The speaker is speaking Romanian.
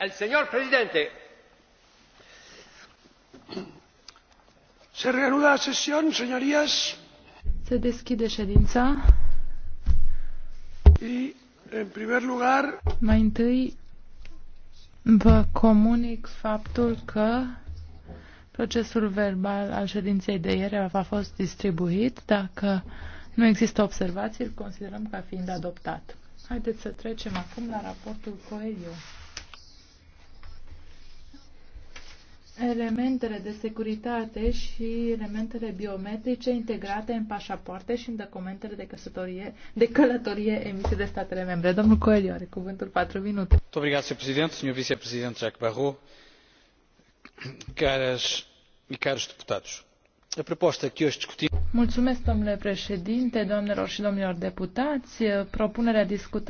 El señor presidente. Se reanuda sesión, señorías. Se deschide ședința. Y, en primer lugar, mai întâi vă comunic faptul că procesul verbal al ședinței de ieri a fost distribuit. Dacă nu există observații, îl considerăm ca fiind adoptat. Haideți să trecem acum la raportul Coelho. elementele de securitate și elementele biometrice integrate în pașapoarte și în documentele de căsătorie, de călătorie emise de statele membre. Domnul Coelho are cuvântul 4 minute. Obrigado, Sr. Presidente, Sr. Vice-Presidente Jacques Barrou, caras e caros deputados. A proposta que hoje discutimos. Mulțumesc, domnule președinte, doamnelor și domnilor deputați. Propunerea discutată